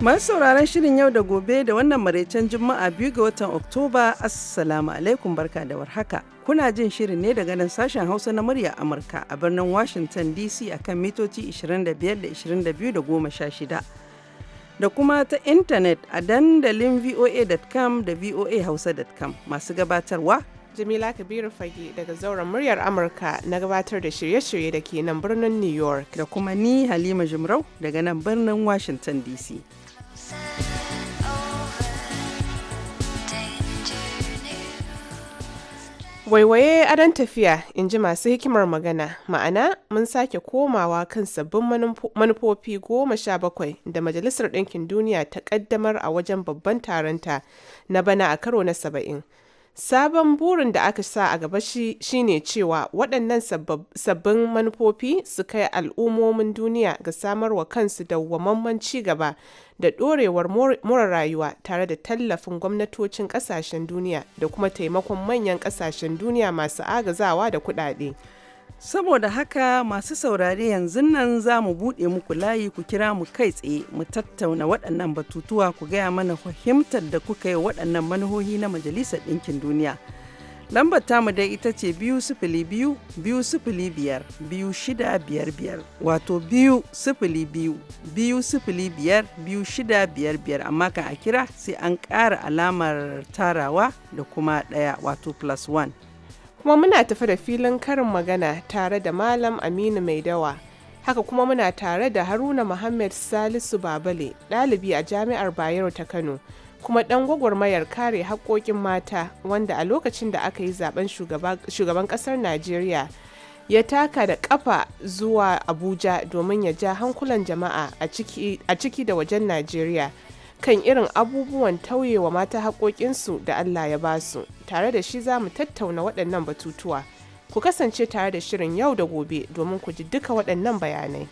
Masu sauraron shirin yau da gobe da wannan maraicen Juma'a biyu ga watan Oktoba, Assalamu alaikum barka da warhaka. Kuna jin shirin ne daga nan sashen Hausa na murya Amurka a birnin Washington DC akan mitoci 25 da 22 da 16. Da kuma ta intanet a dandalin voa.com da voahausa.com masu gabatarwa. Jamila Kabiru Fage daga zauren muryar Amurka na gabatar da shirye-shirye da ke nan birnin New York. Da kuma ni Halima Jumrau daga nan birnin Washington DC. Waiwaye adon tafiya, in ji masu hikimar magana, ma'ana mun sake komawa kan sabbin manufofi goma sha bakwai da Majalisar Ɗinkin Duniya ta ƙaddamar a wajen babban taronta na bana a karo na saba'in. Sabon burin da aka sa a gaba shi ne cewa waɗannan sabbin manufofi su kai al'ummomin duniya ga samarwa kansu dawwamamman ci gaba da ɗorewar mura rayuwa tare da tallafin gwamnatocin ƙasashen duniya da kuma taimakon manyan ƙasashen duniya masu agazawa da kuɗaɗe. Saboda haka masu saurare yanzu nan za mu buɗe muku layi ku kira mu kai tsaye mu tattauna waɗannan batutuwa ku gaya mana fahimtar da kuka yi waɗannan manuhohi na Majalisar Ɗinkin Duniya. Lambar tamu dai ita ce biyu sifili biyu biyu sifili biyar biyu shida biyar biyar wato biyu sifili biyu biyu sifili biyar biyu shida biyar biyar amma kan a kira sai an ƙara alamar tarawa da kuma ɗaya wato plus one. Kuma muna tafi da filin karin magana tare da Malam Aminu mai dawa Haka kuma muna tare da Haruna Muhammad Salisu Babale, ɗalibi a Jami'ar Bayero ta Kano, kuma ɗan gwagwarmayar kare haƙoƙin mata wanda a lokacin da aka yi zaben shugaban ƙasar Najeriya ya taka da ƙafa zuwa Abuja domin ya ja hankulan jama'a a ciki da wajen Najeriya. kan irin abubuwan tauyewa mata haƙoƙinsu da Allah ya ba su. Tare da shi za mu tattauna waɗannan batutuwa. Ku kasance tare da shirin yau da gobe domin ku ji duka waɗannan bayanai.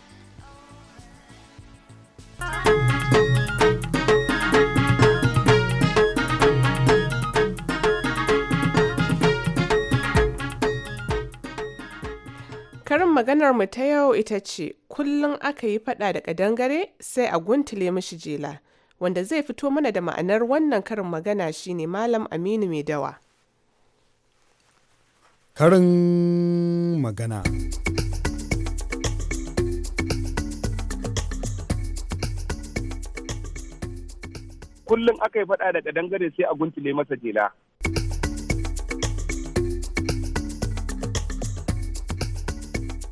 Karin maganar mu ta yau ita ce, kullum aka yi faɗa da ƙadangare sai a guntule mishi jela. wanda zai fito mana da ma'anar wannan karin magana shine Malam Aminu Mai Dawa. Karin magana. Kullum aka yi faɗa da ƙadangare sai a guntule masa jela.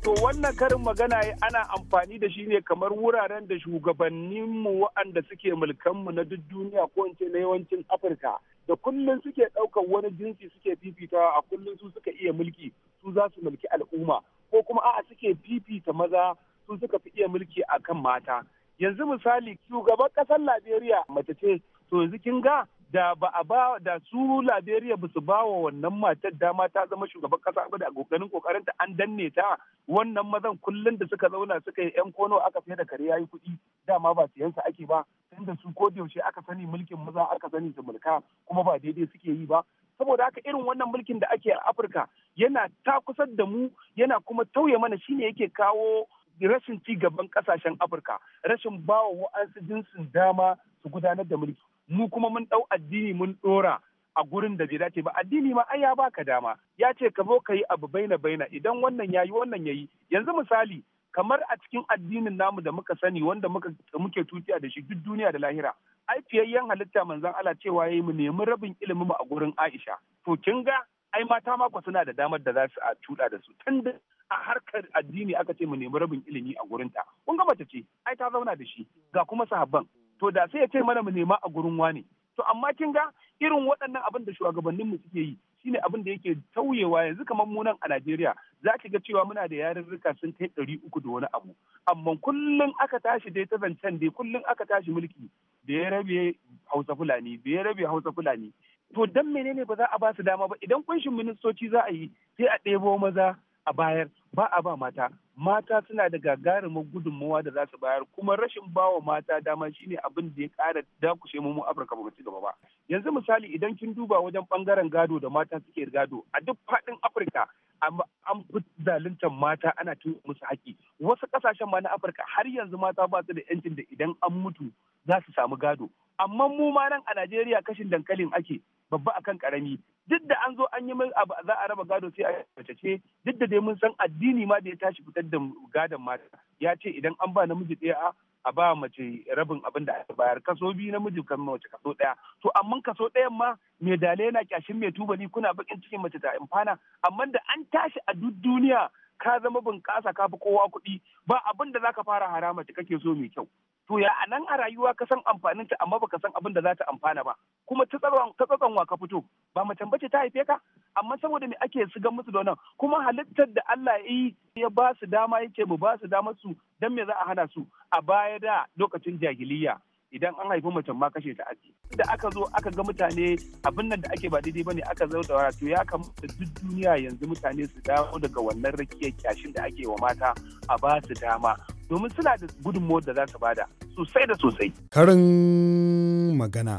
to wannan karin magana ana amfani da shi ne kamar wuraren da shugabanninmu waɗanda suke mulkanmu na duk duniya ko in ce na yawancin afirka da kullum suke ɗaukar wani jinsi suke fifita a kullum su suka iya mulki su za su mulki al'umma ko kuma a'a suke fifita maza su suka fi iya mulki akan mata yanzu misali shugaban ƙasar Najeriya mace ce to yanzu kin ga da ba a ba da su Liberia ba su ba wa wannan matar dama ta zama shugaban kasa ba da kokarin kokarin ta an danne ta wannan mazan kullum da suka zauna suka yi yan kono aka fiye da kare yayi kuɗi dama ba yansa ake ba tunda su ko da yaushe aka sani mulkin maza aka sani su mulka kuma ba daidai suke yi ba saboda haka irin wannan mulkin da ake a Afirka yana ta kusar da mu yana kuma tauye mana shine yake kawo rashin ci gaban kasashen Afirka rashin bawa wa'ansu jinsin dama su gudanar da mulki mu kuma mun ɗau addini mun ɗora a gurin da bai dace ba addini ma ai ya baka dama ya ce ka zo ka yi abu baina baina idan wannan yayi wannan yayi yanzu misali kamar a cikin addinin namu da muka sani wanda muka muke tutiya da shi duk duniya da lahira ai fiyayyen halitta manzon Allah cewa yayi mu nemi rabin ilimin mu a gurin Aisha to kin ga ai mata ma ku suna da damar da za su a tuda da su tun da a harkar addini aka ce mu nemi rabin ilimi a gurinta kun ga mace ce ai ta zauna da shi ga kuma sahabban to da sai ya ce mana mu nema a gurin wane to amma kin ga irin waɗannan abin da shugabannin mu suke yi shine abin da yake tauyewa yanzu kamar mu nan a Najeriya za ki ga cewa muna da yarurruka sun kai ɗari uku da wani abu amma kullum aka tashi dai ta zancen dai kullum aka tashi mulki da ya rabe Hausa Fulani da ya rabe Hausa Fulani to dan menene ba za a ba su dama ba idan kunshin ministoci za a yi sai a ɗebo maza a bayar ba a ba mata mata suna da gagarumar gudunmawa da za su bayar kuma rashin bawa mata dama shine abin da ya ƙara dakushe mu afirka ba ci gaba ba yanzu misali idan kin duba wajen bangaren gado da mata suke gado a duk faɗin afirka an fi zaluntar mata ana tun musu haƙƙi wasu ƙasashen ma na afirka har yanzu mata ba su da yancin da idan an mutu za su samu gado amma mu ma nan a najeriya kashin dankalin ake babba akan karami duk da an zo an yi abu za a raba gado sai a mace ce duk da dai mun san addini ma da ya tashi fitar da gadon mata ya ce idan an ba namiji ɗaya a ba mace rabin abin da aka bayar kaso biyu namiji kan mace kaso ɗaya to amma kaso ɗayan ma mai dale yana kyashin mai tubali kuna bakin cikin mace ta imfana amma da an tashi a duk duniya ka zama bunƙasa ka fi kowa kuɗi ba abin da za ka fara harama ka kake so mai kyau to ya nan a rayuwa ka san amfanin ta amma baka san abin da za ta amfana ba kuma ta tsatsan wa ka fito ba mu bace ta haife ka amma saboda me ake su ga musu donan kuma halittar da Allah yi ya ba su dama yake mu ba su dama su dan me za a hana su a baya da lokacin jahiliya idan an haifi mace ma kashe ta aji da aka zo aka ga mutane abin nan da ake ba daidai bane aka zo da wara to ya kamata duk duniya yanzu mutane su dawo daga wannan rakiyar kyashin da ake wa mata a ba su dama domin suna da gudunmawar da za su bada sosai da sosai karin magana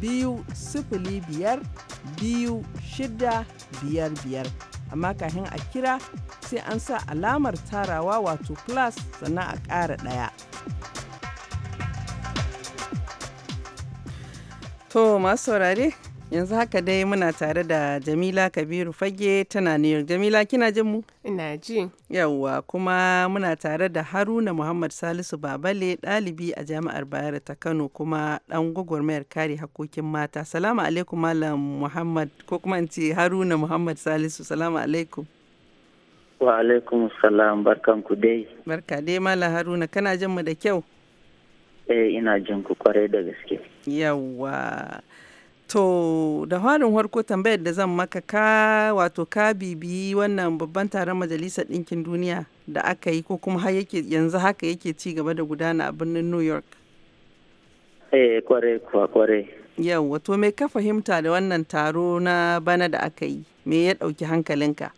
biyu sifili biyar biyu shida biyar biyar amma kafin a kira sai an sa alamar tarawa wato plus sannan a ƙara ɗaya. To masu saurare yanzu haka dai muna tare da jamila kabiru fage tana new york jamila kina jin mu ina ji yawwa kuma muna tare da haruna muhammad salisu babale ɗalibi a jami'ar bayero ta kano kuma ɗan gwagwarmayar kare hakokin mata salamu alaikum malam muhammad ko kuma in ce haruna muhammad salisu salamu alaikum wa alaikum salam barkan ku dai barka dai malam haruna kana jin mu da kyau eh ina jin ku kwarai da gaske yawwa To da harin harko tambayar da zan maka ka wato ka bibiyi wannan babban taron majalisar ɗinkin duniya da aka yi ko kuma yanzu haka yake ci gaba da gudana a birnin New York. Eh kware kuwa kware. Yau wato me ka fahimta da wannan taro na bana da aka yi me ya ɗauki hankalinka?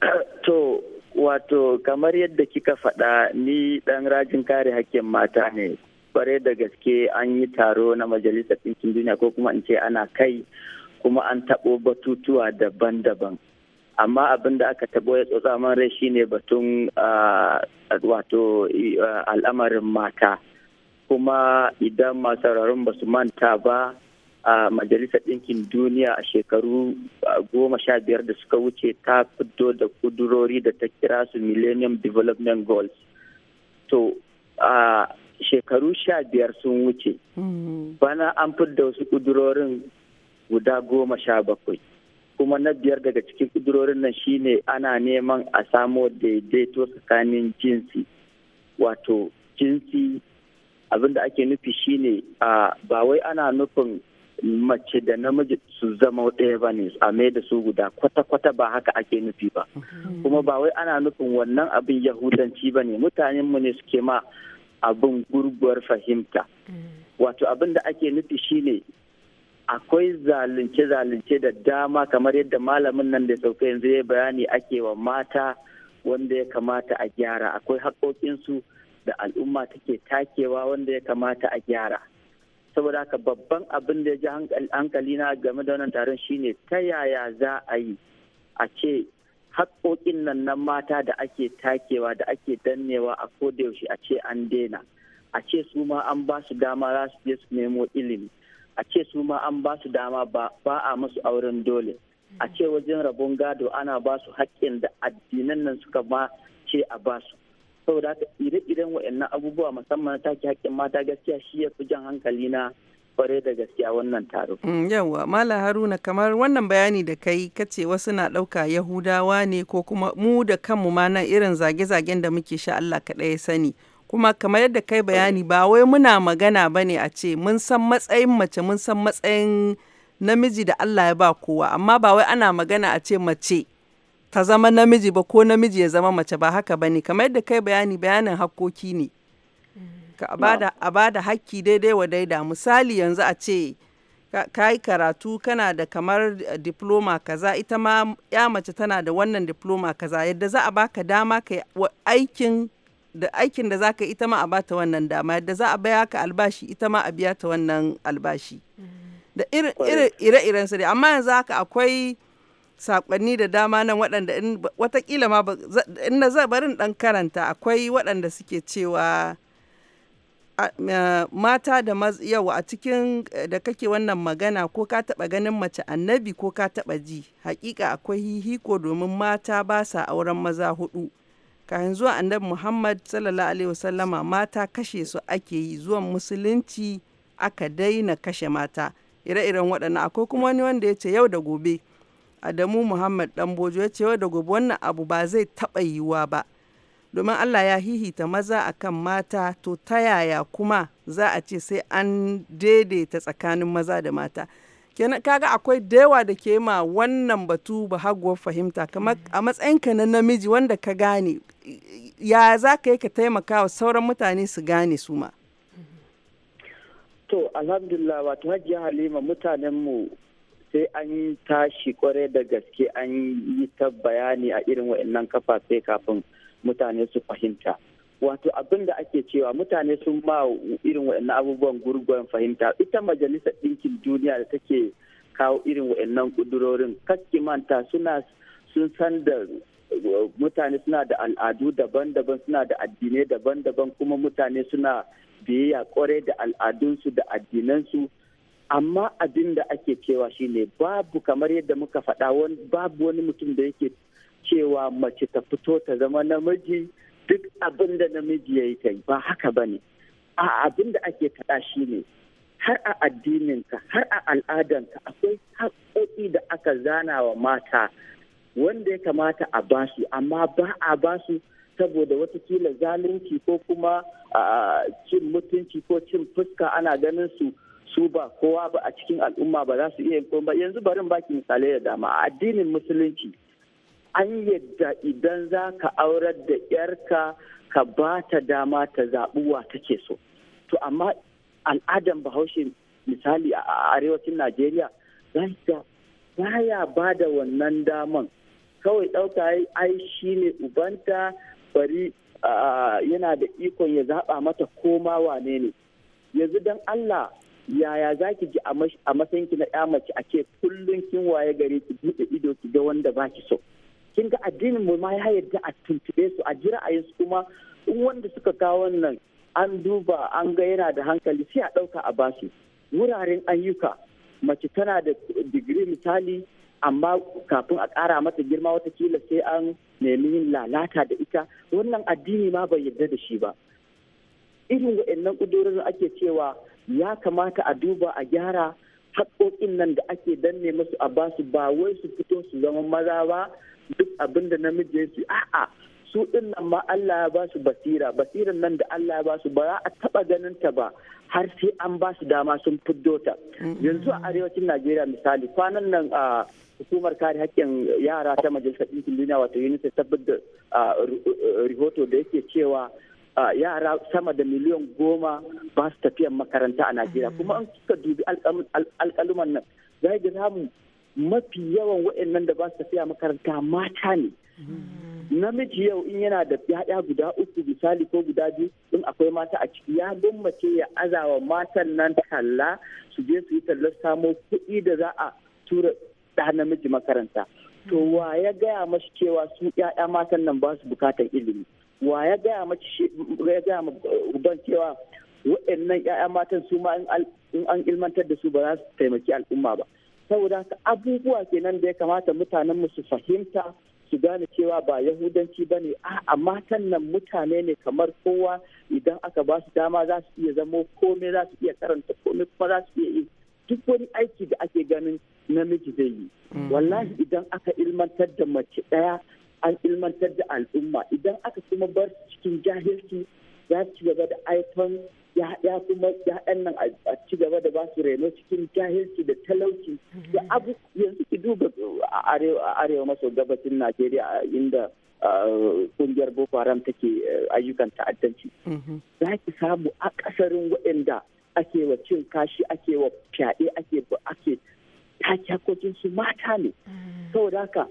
to wato kamar yadda kika faɗa ni ɗan rajin kare hakkin mata ne kware da gaske an yi taro na majalisar ɗinkin duniya ko kuma in ce ana kai kuma an taɓo batutuwa daban-daban amma abin da aka taɓo ya tsotsa man rai shine batun ah, wato ah, al'amarin mata kuma idan masu ba su manta ba a majalisar ɗinkin duniya a shekaru ah, goma sha biyar da suka wuce ta fito da kudurori da ta kira su millennium development goals to shekaru sha biyar sun wuce bana an fidda wasu ƙudurorin guda goma sha bakwai kuma na biyar daga cikin kudurorin nan shine ana neman a samo daidaito tsakanin jinsi wato jinsi abinda ake nufi shine ba wai ana nufin mace da namiji su zama ɗaya ba ne a mai da su guda kwata-kwata ba haka ake nufi ba mhm. kuma ba wai ana nufin wannan abin yahudanci ba ne mutanenmu ne suke ma abin gurguwar fahimta wato abin da ake nufi shine akwai zalunce-zalunce da dama kamar yadda malamin nan da sauka yanzu ya bayani ake wa mata wanda ya kamata a gyara akwai haƙoƙinsu da al'umma take takewa wanda ya kamata a gyara saboda haka babban abin da ya ji hankali na game da wannan taron shine ta yaya za a yi a ce haƙoƙin nan na mata da ake takewa da ake dannewa a kodayaushe a ce an daina a ce su ma an ba su dama za su je su nemo ilimi a ce su ma an ba su dama ba a musu auren dole a ce wajen rabon gado ana ba su haƙƙin da addinan nan suka ma ce a ba su saboda ire-iren waɗannan abubuwa musamman take haƙƙin mata gaskiya shi ya fi jan hankali na kware da gaskiya wannan taro. Mm, Yawwa, Mala Haruna kamar wannan bayani da kai kace wasu na ɗauka Yahudawa ne ko kuma mu da kanmu ma na irin zage-zagen da muke sha Allah kaɗai ya sani. Kuma kamar yadda kai bayani ba wai muna magana ba ne a ce mun san matsayin mace mun san matsayin namiji da Allah ya ba kowa amma ba wai ana magana a ce mace ta zama namiji ba ko namiji ya zama mace ba haka ba ne kamar yadda kai bayani bayanin hakkoki ne. a bada hakki daidai wa daida misali yanzu a ce ka yi karatu kana da kamar eh, diploma kaza ita ma ya mace tana da wannan diploma kaza yadda za a baka dama ka aikin da aikin da zaka ita ma a bata wannan dama yadda za a baya ka albashi ita ma a biya ta wannan albashi mm. da ire-iren su dai amma yanzu haka akwai sakonni da dama nan waɗanda watakila ma in na zabarin ɗan karanta akwai waɗanda suke cewa Eh, mata da yau a cikin eh, da kake wannan magana ko ka taba ganin mace annabi ko ka taba ji hakika akwai hihiko domin mata ba sa auren maza hudu kafin zuwa annabi muhammad sallallahu alaihi wasallama mata kashe su ake yi zuwan musulunci aka daina kashe mata ire-iren waɗannan akwai kuma wani wanda ya ce yau da gobe adamu muhammad dan bojo ya ce yau da gobe wannan abu ba zai taɓa yiwuwa ba domin Allah ya hihita maza akan mata to ta yaya kuma za a ce sai an daidaita tsakanin maza da mata kenan kaga akwai da yawa da ke ma wannan batu ba haguwar fahimta kamar a matsayinka na namiji wanda ka gane ya za ka yi ka taimaka wa sauran mutane su gane su ma to alhamdulillah wato hajiya halima mutanen mu sai an yi tashi kwarai da gaske an yi ta bayani a irin waɗannan kafafe kafin mutane su fahimta wato abin da ake cewa mutane sun ma irin waɗannan abubuwan gurguwan fahimta ita majalisar ɗinkin duniya da take kawo irin waɗannan ƙudurorin manta suna sun san da mutane suna da al'adu daban-daban suna da addinai daban-daban kuma mutane suna biyayya kwarai da al'adunsu da addinansu amma abin da ake cewa shine babu kamar yadda muka faɗa babu wani mutum da yake cewa mace ta fito ta zama namiji duk abin da namiji ya yi ta ba haka ba ne a abin da ake faɗa shi ne har a addininka har a al'adanka akwai haƙoƙi da aka zana wa mata wanda ya kamata a basu amma ba a basu saboda watakila zalunci ko kuma cin mutunci ko cin fuska ana ganin su su ba kowa ba a cikin al'umma ba za su iya yin ba yanzu barin baki misalai da dama a addinin musulunci an yadda idan za ka aurar da yarka ka ba ta dama ta zaɓi wa take so to amma al'adan bahaushe misali a arewacin najeriya za baya ba da wannan daman kawai ɗauka ai shi ne ubanta bari yana da ikon ya zaɓa mata koma wane ne yanzu don allah yaya za ki ji a matsayinki na ya mace a ke kullum kin waye gari ki buɗe ido ki ga wanda ba ki so kin ga addinin mu ma ya yadda a tuntube su a ji ra'ayinsu kuma in wanda suka kawo wannan an duba an ga yana da hankali sai a ɗauka a basu wuraren ayyuka mace tana da digiri misali amma kafin a ƙara mata girma wata kila sai an nemi yin lalata da ita wannan addini ma bai yarda da shi ba irin wa'annan ƙudurorin ake cewa ya kamata a duba a gyara haƙoƙin nan da ake danne musu a basu ba wai su fito su zama maza ba duk abin da namiji su a'a su din nan ma Allah ya basu basira basiran nan da Allah ya basu su ba za a taba ganin ta ba har sai an basu dama sun fiddo ta yanzu a arewacin Najeriya misali kwanan nan a hukumar kare hakkin yara ta majalisar ɗinkin duniya wato UNICEF ta da rahoto da yake cewa Ah, yara sama da miliyan goma ba su tafiya makaranta a najeriya mm. kuma an suka dubi alkaluman nan zai ga zamu mafi yawan waɗannan da ba su tafiya makaranta mata ne mm. namiji yau in yana da ya'ya guda uku misali ko guda biyu in akwai mata a ciki ya gwammace ya azawa matan nan talla su je su yi tallar samo kuɗi da za a tura da namiji makaranta mm. to wa ya gaya mashi cewa su ya'ya matan nan ba su bukatar ilimi wa ya gaya ma ya gaya ma uban cewa waɗannan ya'yan matan su ma in an ilmantar da su ba za su taimaki al'umma ba saboda haka abubuwa kenan da ya kamata mutanen mu su fahimta su gane cewa ba yahudanci ba ne a matan nan mutane ne kamar kowa idan aka ba su dama za su iya zamo komai za su iya karanta komai kuma za su iya yi duk wani aiki da ake ganin namiji zai yi mm. wallahi idan aka ilmantar da mace ɗaya an ilmantar da al'umma idan aka kuma bar cikin jahilci za su gaba da aifan ya kuma ya'yan nan a ci gaba da ba su reno cikin jahilci da talauci da abu yanzu ki duba a arewa maso gabashin najeriya inda kungiyar boko haram take eh, ayyukan ta'addanci mm-hmm. za ki samu akasarin waɗanda ake wa cin kashi ake wa fyaɗe ake ake take hakokin su mata ne mm-hmm. saboda haka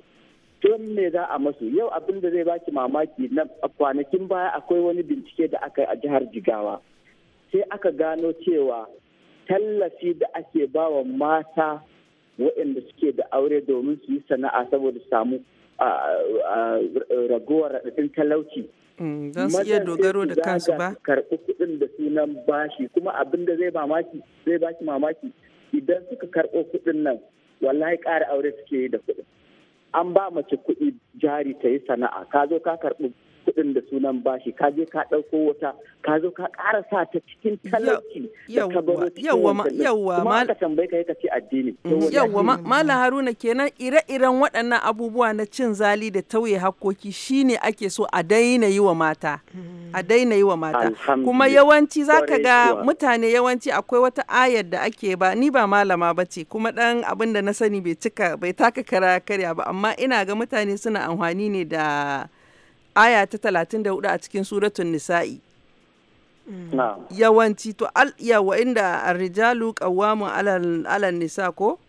don me za a masu yau abin da zai baki mamaki na kwanakin baya akwai wani bincike da aka yi a jihar jigawa sai aka gano cewa tallafi da ake bawa mata waɗanda suke da aure domin su yi sana'a saboda samu ragowar raɗaɗin talauci don mm, su iya dogaro da kansu ba karɓi kuɗin da sunan bashi kuma abin da zai mamaki zai baki mamaki idan suka karɓo kuɗin nan wallahi ƙara aure suke yi da kuɗin an ba mace kuɗi jari ta yi sana'a ka zo ka karɓi kuɗin da sunan bashi ka je ka ɗauko wata ka zo ka ƙara sa ta cikin talauci da ka baro yawwa ma ka tambaye ka ka ce addini mm, yawwa haruna kenan ire-iren waɗannan abubuwa na cin zali da tauye hakkoki shine ake so a daina yi wa mata a mm. daina yi wa mata kuma yawanci zaka ga mutane yawanci akwai wata ayar da ake ba ni ba malama ba ce kuma ɗan abin da na sani bai cika bai taka kara karya ba amma ina ga mutane suna amfani ne da aya ta talatin da 34 a cikin suratun nisa'i mm. yawanci to yawa inda arrijalu qawwamun alal nisa ko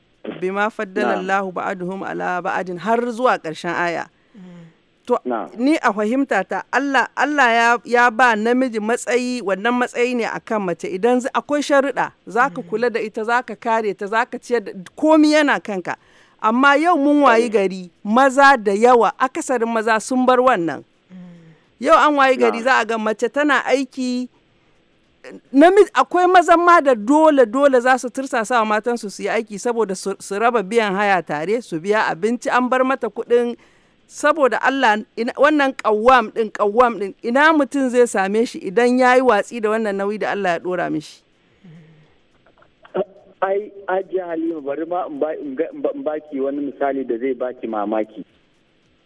bima faddala Allahu ba'aduhum ala ba'adin har zuwa karshen aya mm. to ni a fahimta ta Allah ya, ba namiji matsayi wannan matsayi ne a kan mace idan akwai sharuɗa zaka mm. kula da ita zaka kare ta zaka ciyar da komi yana kanka amma yau mun wayi eh. gari maza da yawa akasarin maza sun bar wannan yau an wayi gari za a ga mace tana aiki akwai mazan ma da dole dole za su tursasa wa matansu su yi aiki saboda su raba biyan haya tare su biya abinci an bar mata kuɗin saboda Allah wannan kawam din kawam din ina mutum zai same shi idan ya yi watsi da wannan nauyi da Allah ya dora mishi ai aji halima bari ma in baki wani misali da zai baki mamaki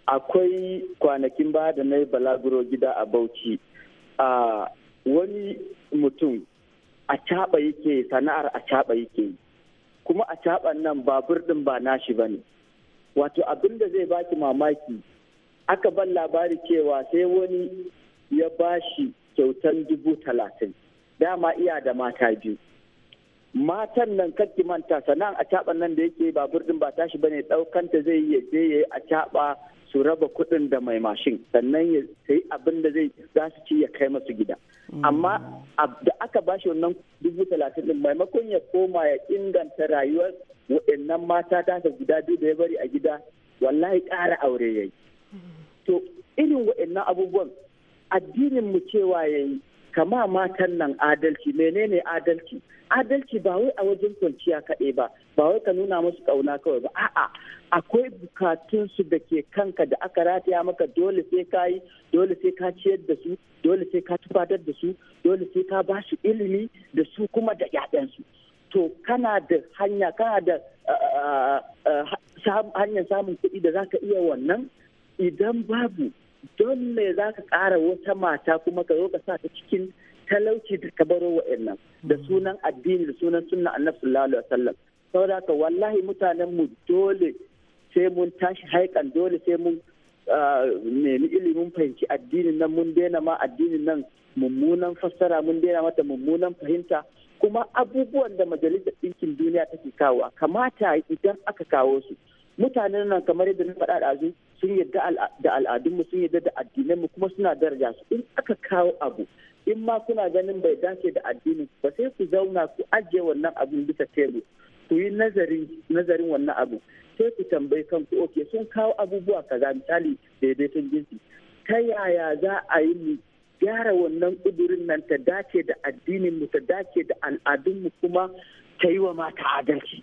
akwai kwanakin ba da na yi balaguro gida a bauchi a wani mutum a caɓa yake sana'ar a caɓa yake kuma a caɓan nan babur ɗin ba nashi ba ne wato abin da zai baki mamaki aka ban labari cewa sai wani ya ba shi kyautan dubu talatin dama iya da mata biyu matan nan kakki manta sana'ar a caɓan nan da yake babur ɗin ba tashi ba ne ɗaukanta zai yi je ya yi a caɓa su raba kuɗin da mai mashin sannan ya sai abin da zai za su ci ya kai masu gida amma da aka bashi wannan dubu talatin din maimakon ya koma ya inganta rayuwar waɗannan mata ta ta guda biyu da ya bari a gida wallahi ƙara aure ya yi to irin waɗannan abubuwan addinin mu cewa ya yi kama matan nan adalci menene adalci adalci ba wai a wajen kwanciya kaɗai ba ba wai ka nuna musu kauna kawai ba a'a akwai bukatunsu da ke kanka da aka rataya maka dole sai ka yi dole sai ka ciyar da su dole sai ka tufatar da su dole sai ka ba su ilimi da su kuma da yaɗan to kana da hanya kana da hanyar samun kuɗi da zaka iya wannan idan babu don me za ka ƙara wata mata kuma ka zo ka sa ta cikin talauci da ka baro wa'annan da mm. sunan addini da sunan sunna annabi sallallahu alaihi wasallam saboda ka wallahi mutanen mu dole sai mun tashi haikan dole sai mun ah, nemi ilimin fahimci addinin nan mun daina ma addinin nan mummunan fassara mun daina mata mummunan fahimta kuma abubuwan da majalisar ɗinkin duniya take kawo kamata idan aka kawo su mutanen nan kamar yadda na faɗa ɗazu sun yadda da al'adunmu sun yadda da addinanmu kuma suna daraja su in aka kawo abu in ma kuna ganin bai dace da addinin ba sai ku zauna ku ajiye wannan abin bisa tebur ku yi nazarin wannan abu sai ku tambayi kanku oke sun kawo abubuwa kaza misali daidaiton jinsi ta yaya za a yi mu gyara wannan ƙudurin nan ta dace da addinin mu ta dace da al'adunmu kuma ta yi wa mata adalci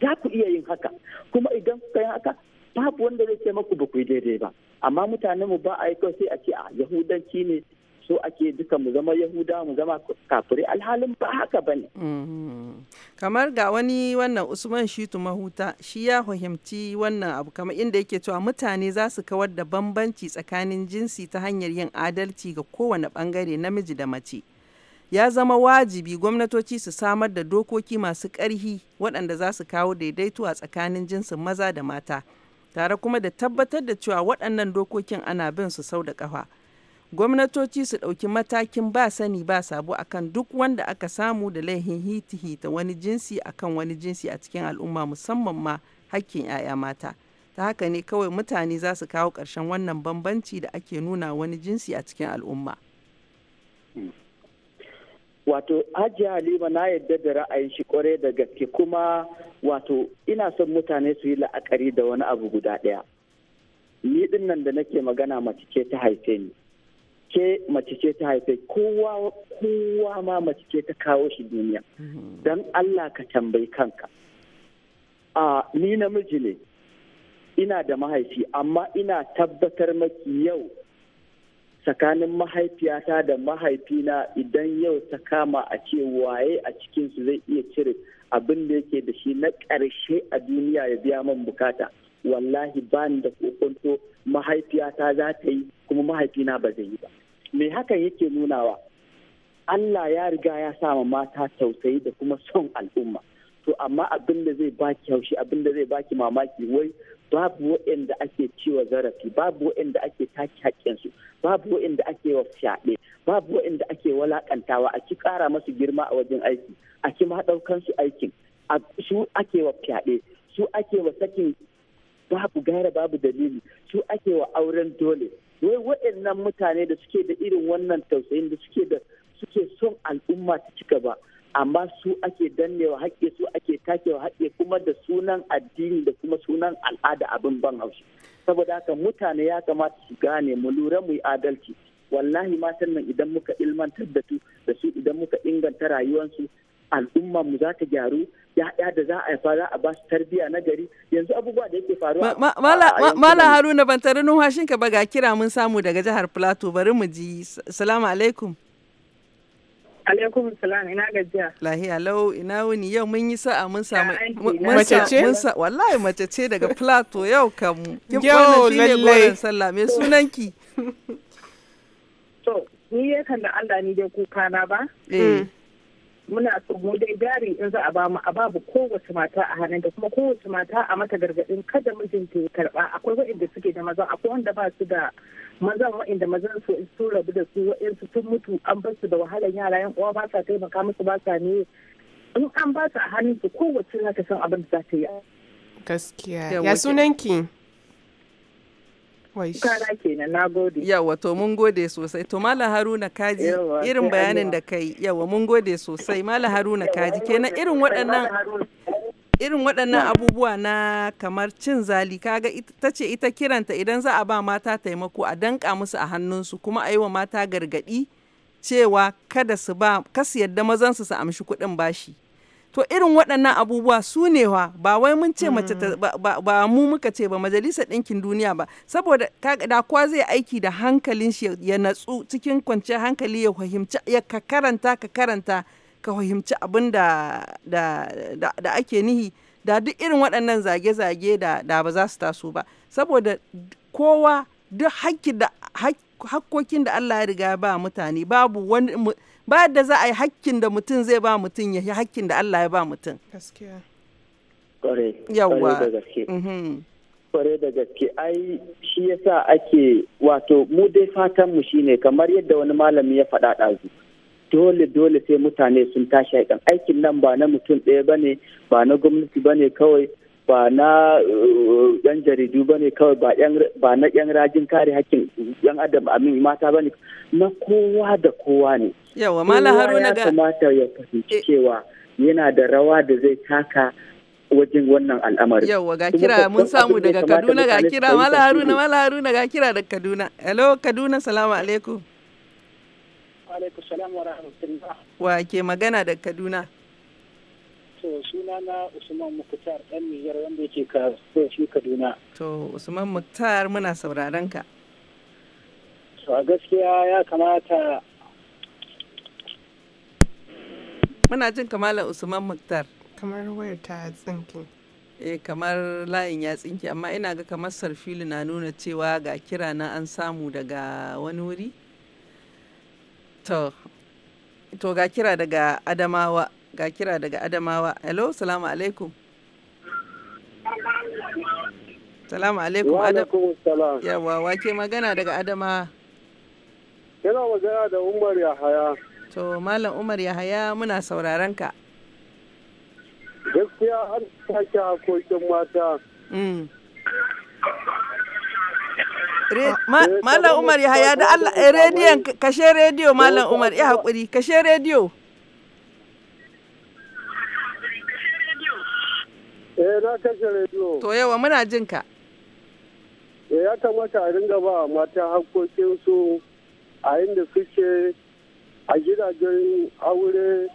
za ku iya yin haka kuma idan kuka yi haka babu wanda zai ce maku ba ku yi daidai ba amma mutanen mu ba a yi kawai sai a ce a yahudanci ne so ake duka mu zama yahuda mu zama kafiri alhalin ba haka ba ne mhm. kamar ga wani wannan usman shitu mahuta shi ya fahimci wannan abu kamar inda yake cewa mutane za su kawar da bambanci tsakanin jinsi ta hanyar yin adalci ga kowane bangare namiji da mace ya zama wajibi gwamnatoci su samar da dokoki masu karhi waɗanda za su kawo daidaito a tsakanin jinsin maza da mata tare kuma da tabbatar da cewa waɗannan dokokin ana bin su sau da ƙafa gwamnatoci su ɗauki matakin ba sani ba sabo akan duk wanda aka samu da laihin hita-hita wani jinsi akan wani jinsi a cikin al'umma musamman ma hakkin 'ya'ya mata ta haka ne kawai mutane za su kawo ƙarshen wannan bambanci da ake nuna wani jinsi a cikin al'umma wato hajiya halima na yadda da ra'ayin shi kwarai da gaske kuma wato ina son mutane su yi la'akari da wani abu guda ɗaya ni ɗin nan da nake magana mace ce ta haife ni ke mace ce ta haife kowa kowa ma mace ce ta kawo shi duniya mhm. don Allah ka tambayi kanka a ni namiji ne ina da mahaifi amma ina tabbatar maki yau tsakanin mahaifiyata da mahaifina idan yau ta kama a ce waye a cikinsu zai iya cire abin da yake da shi na karshe a duniya ya biya man bukata wallahi ba ni da kokonto mahaifiyata za ta yi kuma mahaifina ba zai yi ba me hakan yake nunawa Allah ya riga ya sama mata tausayi da kuma son al'umma to amma abin da zai baki haushi abin da zai baki mamaki wai babu waɗanda ake ciwa zarafi babu waɗanda ake take haƙƙinsu babu waɗanda ake wa fyaɗe babu waɗanda ake walaƙantawa a ki ƙara masu girma a wajen aiki a ki ma ɗaukan su aikin su ake wa fyaɗe su ake wa sakin babu gara babu dalili su ake wa auren dole wai waɗannan mutane da suke da irin wannan tausayin da suke da suke son al'umma ta ci gaba amma su ake dannewa haƙƙe su ake takewa haƙƙe kuma da sunan addini da kuma sunan al'ada abin ban haushi saboda haka mutane ya kamata su gane mu lura mu yi adalci wallahi matan nan idan muka ilmantar da su da su idan muka inganta rayuwarsu al'umma mu za ta gyaru ya'ya da za a yi fara a ba su tarbiyya na gari yanzu abubuwa da yake faruwa mala haruna ban tare numfashinka ba ga kira mun samu daga jihar plateau bari mu ji salamu alaikum alaikum salam ina gajiya lahiya lau ina wuni yau mun yi sa'a mun samu mace ce wallahi mace ce daga plateau yau kam kin yau lalle sallah me to ni yakan da Allah ni dai kuka na ba eh. muna so dai jari in za a ba mu a babu kowace mata a hannun da kuma kowace mata a mata gargadin kada mijinta ya karɓa akwai waɗanda suke da maza akwai wanda ba su da mazan waɗanda mazan su su rabu da su waɗansu sun mutu an bar su da wahalar yara yan uwa ba sa taimaka musu ba sa ne in an ba su a hannun su kowace za ta san abin da za ta yi gaskiya ya sunanki Gara Yawa to mun gode sosai. To Mala Haruna Kaji irin bayanin da kai yawa mun gode sosai. Mala Haruna Kaji kenan irin waɗannan irin waɗannan abubuwa na kamar cin zali kaga ita ce ita kiranta idan za a ba mata taimako a danka musu a hannunsu kuma a yi wa mata gargaɗi cewa kada su ba kasu yadda mazansu su amshi kuɗin bashi. to irin waɗannan abubuwa su ne wa ba wai mun ce mace hmm. ba mu muka ce ba majalisar ɗinkin duniya ba saboda da kowa zai aiki da hankalin shi ya natsu cikin kwanciyar hankali ya fahimci ya ka karanta ka karanta ka fahimci abin da da ake nihi da duk irin waɗannan zage-zage da da ba za su taso ba saboda kowa duk da hakkokin da Allah ya riga ba mutane babu wani ba da za a yi hakkin da mutum zai ba mutum ya yi hakkin da Allah ya ba mutum kware mm-hmm. da gaske ai shi yasa ake wato mu dai fatan mu shine kamar yadda wani malami ya faɗa ɗazu dole dole sai mutane sun tashi aikin aikin nan ba na mutum ɗaya bane ba na gwamnati bane kawai ba na uh, yan jaridu ba ne kawai ba na yan rajin kare hakkin yan adam amin mata ba ne na kowa da kowa ne yawa mala haruna ga kamata ya fahimci cewa yana da rawa da zai taka wajen wannan al'amari yawa ga kira mun samu daga kaduna ga kira mala haruna mala haruna ga kira daga kaduna hello kaduna salamu alaikum wa alaikum salam wa rahmatullah wa ke magana daga kaduna to suna na Usman Muktar ɗan niger wanda yake kasuwar shi Kaduna. To Usman Muktar muna sauraron ka. To a gaskiya ya kamata Muna jin kamala Usman Muktar. Kamar wayar ta tsinke. Eh kamar layin ya tsinke amma ina ga kamar sarfili na nuna cewa ga kira na an samu daga wani wuri. to ga kira daga Adamawa ga kira daga Adamawa. Hello, salamu alaikum. Salamu alaikum Adam. Yawa wake magana daga Adama. Yana magana da Umar Yahaya. To Malam Umar Yahaya muna sauraron ka. Gaskiya an sake hakokin mata. Mm. Eh, Malam Umar Yahaya da Allah rediyon kashe rediyo Malam eh, Umar ya haƙuri kashe rediyo. Eh na kashe rediyo. To yawa muna jin ka. Eh ya kamata a ringa ba mata su a inda suke a gidajen aure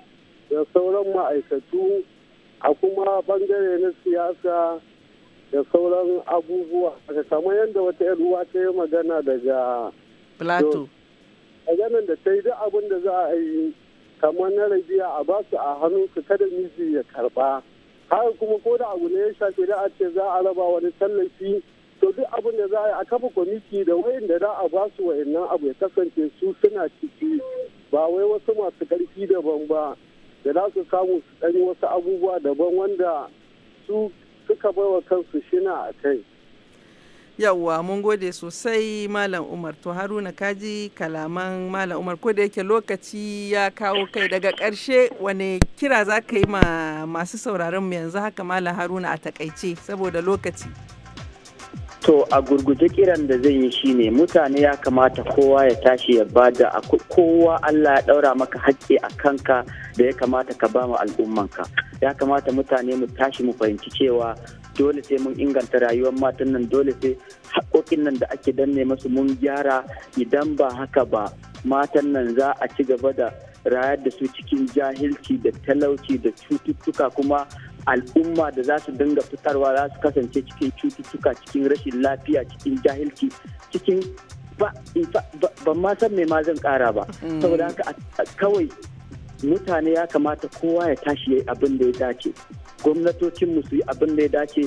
da sauran ma'aikatu a kuma bangare na siyasa da sauran abubuwa daga kamar yadda wata uwa ta yi magana daga plato ganin da ta yi duk abin da za a yi kamar na rabiya a basu a su kada miji ya karba haka kuma ko da abu ne ya shafi da a ce za a raba wani tallafi to duk abin da za a yi a kafa kwamiti da wayan da za a ba su wayannan abu ya kasance su suna ciki ba wai wasu masu karfi daban ba da za su samu su ɗanyi wasu abubuwa daban wanda su suka bai wa kansu shina a kai yawwa mun gode sosai malam umar to haruna kaji kalaman malam umar ko da yake lokaci ya kawo kai daga karshe wane kira za ka yi ma masu sauraron mu yanzu haka malam haruna a takaice saboda lokaci to a gurguje kiran da zai yi shine mutane ya kamata kowa ya tashi ya bada a kowa allah ya daura maka hakki a kanka da ya kamata ka ba al'ummanka ya kamata mutane mu tashi mu fahimci cewa dole sai mun inganta rayuwar matan nan dole sai haƙoƙin nan da ake danne masu mun gyara idan ba haka ba matan nan za a ci gaba da rayar da su cikin jahilci da talauci da cututtuka kuma al'umma da za su dinga fitarwa za su kasance cikin cututtuka cikin rashin lafiya cikin jahilci cikin ba ma san me ma zan kara ba mm. saboda haka kawai mutane ya kamata kowa ya tashi ya abin da ya dace gwamnatocinmu su yi abin da ya dace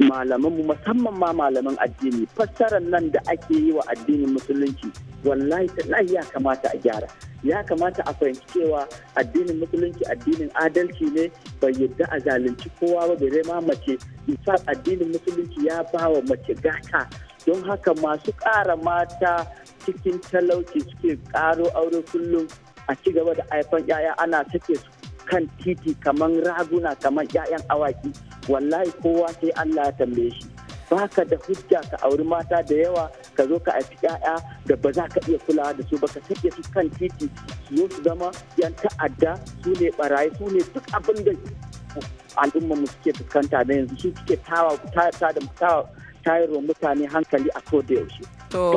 malamanmu musamman ma malaman addini fassarar nan da ake yi wa addinin musulunci wallahi tallahi ya kamata a gyara ya kamata a fahimci cewa addinin musulunci addinin adalci ne bai yadda a zalunci kowa ba bai ma mace isa addinin musulunci ya ba wa mace gata don haka masu ƙara mata cikin talauci suke ƙaro aure kullum a ci gaba da haifan 'ya'ya ana sake su kan titi kamar raguna kamar 'ya'yan awaki wallahi kowa sai Allah ya tambaye shi baka da hujja ka auri mata da yawa ka zo ka aiki 'ya'ya da ba za ka iya kulawa da su ba ka sake su kan titi su zo su zama 'yan ta'adda su ne barayi su ne duk abin da al'umma mu suke fuskanta da yanzu su suke tawa tayarwa mutane hankali a ko da yaushe To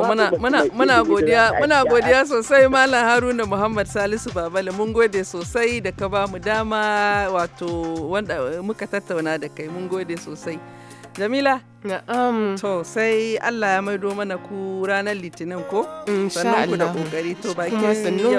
muna godiya sosai Malam Haruna Muhammad Salisu Babale mun gode sosai da ka ba mu dama wato wanda muka tattauna da kai mun gode sosai. Jamila? Na'am. To sai Allah ya maido mana ku ranar Litinin ko? Sannan ku da kokari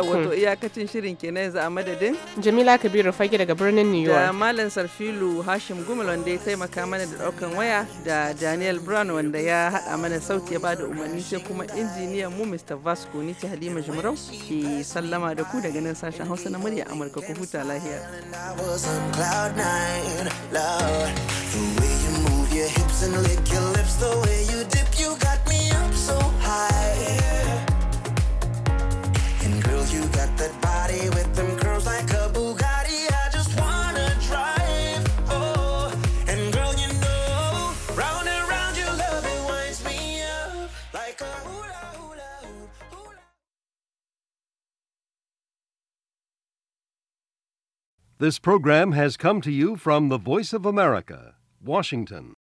wato iyakacin shirin kenan yanzu a madadin. Jamila Kabiru Fage daga birnin New York. Da Malam Sarfilu Hashim Gumal wanda ya taimaka mana da daukan waya da Daniel Brown wanda ya hada mana sauti ya bada umarni sai kuma injiniyan mu Mr. Vasco ni ce Halima Jumrau ke sallama da ku daga nan sashen Hausa na murya Amurka ku huta lahiya. your hips and lick your lips the way you dip. You got me up so high. And girl, you got that body with them curls like a Bugatti. I just wanna drive. Oh, and girl, you know, round and round your love it winds me up like a hula hula hula. This program has come to you from the Voice of America, Washington.